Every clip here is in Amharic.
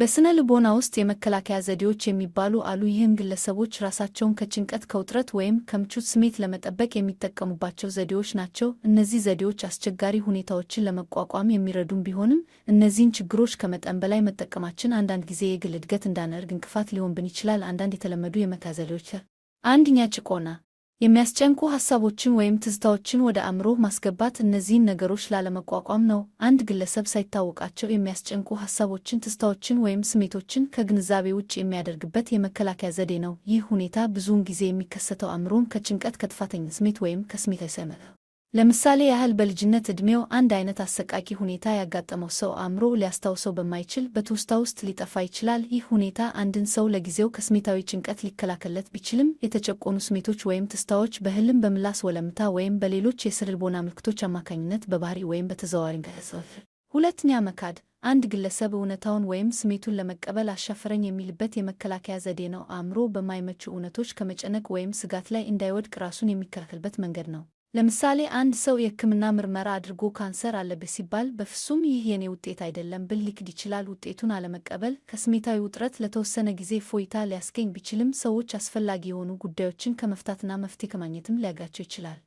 በስነ ልቦና ውስጥ የመከላከያ ዘዴዎች የሚባሉ አሉ። ይህም ግለሰቦች ራሳቸውን ከጭንቀት፣ ከውጥረት ወይም ከምቾት ስሜት ለመጠበቅ የሚጠቀሙባቸው ዘዴዎች ናቸው። እነዚህ ዘዴዎች አስቸጋሪ ሁኔታዎችን ለመቋቋም የሚረዱም ቢሆንም እነዚህን ችግሮች ከመጠን በላይ መጠቀማችን አንዳንድ ጊዜ የግል እድገት እንዳነርግ እንቅፋት ሊሆንብን ይችላል። አንዳንድ የተለመዱ የመከላከያ ዘዴዎች ጭቆና የሚያስጨንቁ ሐሳቦችን ወይም ትዝታዎችን ወደ አእምሮህ ማስገባት እነዚህን ነገሮች ላለመቋቋም ነው። አንድ ግለሰብ ሳይታወቃቸው የሚያስጨንቁ ሐሳቦችን፣ ትዝታዎችን ወይም ስሜቶችን ከግንዛቤ ውጭ የሚያደርግበት የመከላከያ ዘዴ ነው። ይህ ሁኔታ ብዙውን ጊዜ የሚከሰተው አእምሮን ከጭንቀት፣ ከጥፋተኛ ስሜት ወይም ከስሜት አይሰመ ለምሳሌ ያህል በልጅነት ዕድሜው አንድ አይነት አሰቃቂ ሁኔታ ያጋጠመው ሰው አእምሮ ሊያስታውሰው በማይችል በትውስታ ውስጥ ሊጠፋ ይችላል። ይህ ሁኔታ አንድን ሰው ለጊዜው ከስሜታዊ ጭንቀት ሊከላከለት ቢችልም የተጨቆኑ ስሜቶች ወይም ትስታዎች በህልም፣ በምላስ ወለምታ ወይም በሌሎች ልቦና ምልክቶች አማካኝነት በባህሪ ወይም በተዘዋዋሪ ገጽ። ሁለተኛ መካድ አንድ ግለሰብ እውነታውን ወይም ስሜቱን ለመቀበል አሻፈረኝ የሚልበት የመከላከያ ዘዴ ነው። አእምሮ በማይመቹ እውነቶች ከመጨነቅ ወይም ስጋት ላይ እንዳይወድቅ ራሱን የሚከላከልበት መንገድ ነው። ለምሳሌ አንድ ሰው የሕክምና ምርመራ አድርጎ ካንሰር አለብህ ሲባል በፍጹም ይህ የኔ ውጤት አይደለም ብል ሊክድ ይችላል። ውጤቱን አለመቀበል ከስሜታዊ ውጥረት ለተወሰነ ጊዜ ፎይታ ሊያስገኝ ቢችልም ሰዎች አስፈላጊ የሆኑ ጉዳዮችን ከመፍታትና መፍትሄ ከማግኘትም ሊያጋቸው ይችላል።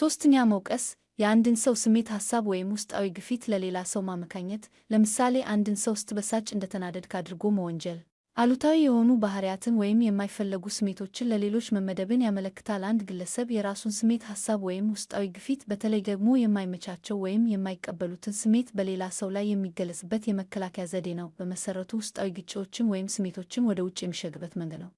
ሶስተኛ መውቀስ የአንድን ሰው ስሜት፣ ሐሳብ ወይም ውስጣዊ ግፊት ለሌላ ሰው ማመካኘት። ለምሳሌ አንድን ሰው ስትበሳጭ እንደተናደድክ አድርጎ መወንጀል አሉታዊ የሆኑ ባህሪያትን ወይም የማይፈለጉ ስሜቶችን ለሌሎች መመደብን ያመለክታል። አንድ ግለሰብ የራሱን ስሜት፣ ሀሳብ ወይም ውስጣዊ ግፊት በተለይ ደግሞ የማይመቻቸው ወይም የማይቀበሉትን ስሜት በሌላ ሰው ላይ የሚገለጽበት የመከላከያ ዘዴ ነው። በመሰረቱ ውስጣዊ ግጭቶችን ወይም ስሜቶችን ወደ ውጭ የሚሸግበት መንገድ ነው።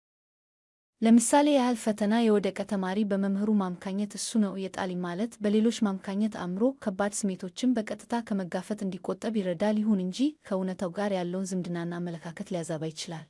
ለምሳሌ ያህል ፈተና የወደቀ ተማሪ በመምህሩ ማምካኘት እሱ ነው የጣሊ ማለት በሌሎች ማምካኘት አእምሮ ከባድ ስሜቶችን በቀጥታ ከመጋፈጥ እንዲቆጠብ ይረዳል። ይሁን እንጂ ከእውነታው ጋር ያለውን ዝምድናና አመለካከት ሊያዛባ ይችላል።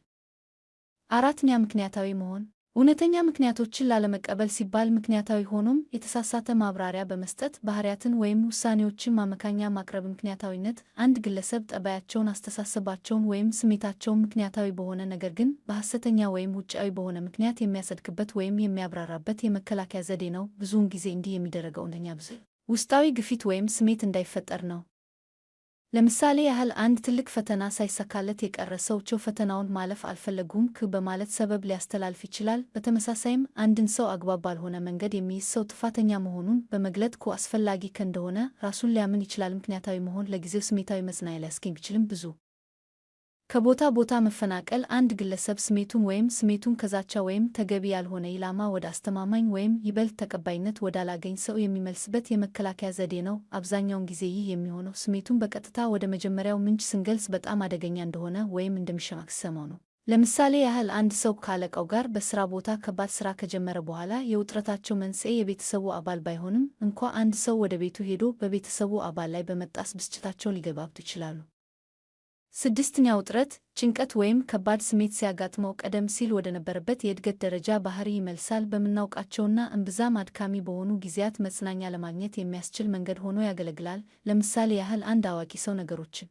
አራተኛ ምክንያታዊ መሆን እውነተኛ ምክንያቶችን ላለመቀበል ሲባል ምክንያታዊ ሆኖም የተሳሳተ ማብራሪያ በመስጠት ባህሪያትን ወይም ውሳኔዎችን ማመካኛ ማቅረብ። ምክንያታዊነት አንድ ግለሰብ ጠባያቸውን፣ አስተሳሰባቸውን ወይም ስሜታቸውን ምክንያታዊ በሆነ ነገር ግን በሐሰተኛ ወይም ውጫዊ በሆነ ምክንያት የሚያጸድቅበት ወይም የሚያብራራበት የመከላከያ ዘዴ ነው። ብዙውን ጊዜ እንዲህ የሚደረገው እውነተኛ ብዙ ውስጣዊ ግፊት ወይም ስሜት እንዳይፈጠር ነው። ለምሳሌ ያህል አንድ ትልቅ ፈተና ሳይሳካለት የቀረ ሰው ቸው ፈተናውን ማለፍ አልፈለጉም ክ በማለት ሰበብ ሊያስተላልፍ ይችላል። በተመሳሳይም አንድን ሰው አግባብ ባልሆነ መንገድ የሚይዝ ሰው ጥፋተኛ መሆኑን በመግለጥ ኩ አስፈላጊ ከእንደሆነ ራሱን ሊያምን ይችላል። ምክንያታዊ መሆን ለጊዜው ስሜታዊ መጽናኛ ሊያስገኝ ቢችልም ብዙ ከቦታ ቦታ መፈናቀል አንድ ግለሰብ ስሜቱን ወይም ስሜቱን ከዛቻ ወይም ተገቢ ያልሆነ ኢላማ ወደ አስተማማኝ ወይም ይበልጥ ተቀባይነት ወዳላገኝ ሰው የሚመልስበት የመከላከያ ዘዴ ነው። አብዛኛውን ጊዜ ይህ የሚሆነው ስሜቱን በቀጥታ ወደ መጀመሪያው ምንጭ ስንገልጽ በጣም አደገኛ እንደሆነ ወይም እንደሚሸማቅሰመው ነው። ለምሳሌ ያህል አንድ ሰው ካለቀው ጋር በስራ ቦታ ከባድ ስራ ከጀመረ በኋላ የውጥረታቸው መንስኤ የቤተሰቡ አባል ባይሆንም እንኳ አንድ ሰው ወደ ቤቱ ሄዶ በቤተሰቡ አባል ላይ በመጣስ ብስጭታቸውን ሊገባብቱ ይችላሉ። ስድስተኛው ውጥረት ጭንቀት ወይም ከባድ ስሜት ሲያጋጥመው ቀደም ሲል ወደ ነበረበት የእድገት ደረጃ ባህሪ ይመልሳል። በምናውቃቸውና እምብዛም አድካሚ በሆኑ ጊዜያት መጽናኛ ለማግኘት የሚያስችል መንገድ ሆኖ ያገለግላል። ለምሳሌ ያህል አንድ አዋቂ ሰው ነገሮችን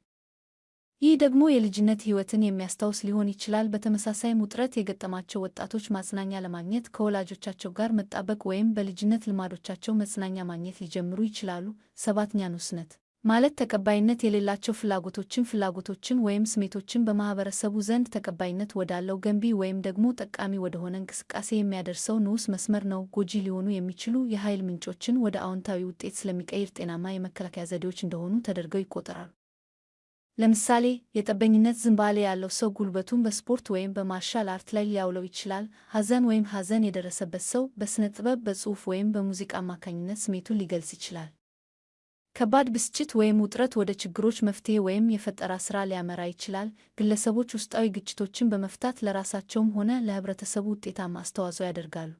ይህ ደግሞ የልጅነት ሕይወትን የሚያስታውስ ሊሆን ይችላል። በተመሳሳይም ውጥረት የገጠማቸው ወጣቶች ማጽናኛ ለማግኘት ከወላጆቻቸው ጋር መጣበቅ ወይም በልጅነት ልማዶቻቸው መጽናኛ ማግኘት ሊጀምሩ ይችላሉ። ሰባተኛ ንዑስነት ማለት ተቀባይነት የሌላቸው ፍላጎቶችን ፍላጎቶችን ወይም ስሜቶችን በማህበረሰቡ ዘንድ ተቀባይነት ወዳለው ገንቢ ወይም ደግሞ ጠቃሚ ወደሆነ እንቅስቃሴ የሚያደርሰው ንዑስ መስመር ነው። ጎጂ ሊሆኑ የሚችሉ የኃይል ምንጮችን ወደ አዎንታዊ ውጤት ስለሚቀይር ጤናማ የመከላከያ ዘዴዎች እንደሆኑ ተደርገው ይቆጠራሉ። ለምሳሌ የጠበኝነት ዝንባሌ ያለው ሰው ጉልበቱን በስፖርት ወይም በማርሻል አርት ላይ ሊያውለው ይችላል። ሐዘን ወይም ሐዘን የደረሰበት ሰው በስነ ጥበብ፣ በጽሑፍ ወይም በሙዚቃ አማካኝነት ስሜቱን ሊገልጽ ይችላል። ከባድ ብስጭት ወይም ውጥረት ወደ ችግሮች መፍትሄ ወይም የፈጠራ ስራ ሊያመራ ይችላል። ግለሰቦች ውስጣዊ ግጭቶችን በመፍታት ለራሳቸውም ሆነ ለህብረተሰቡ ውጤታማ አስተዋጽኦ ያደርጋሉ።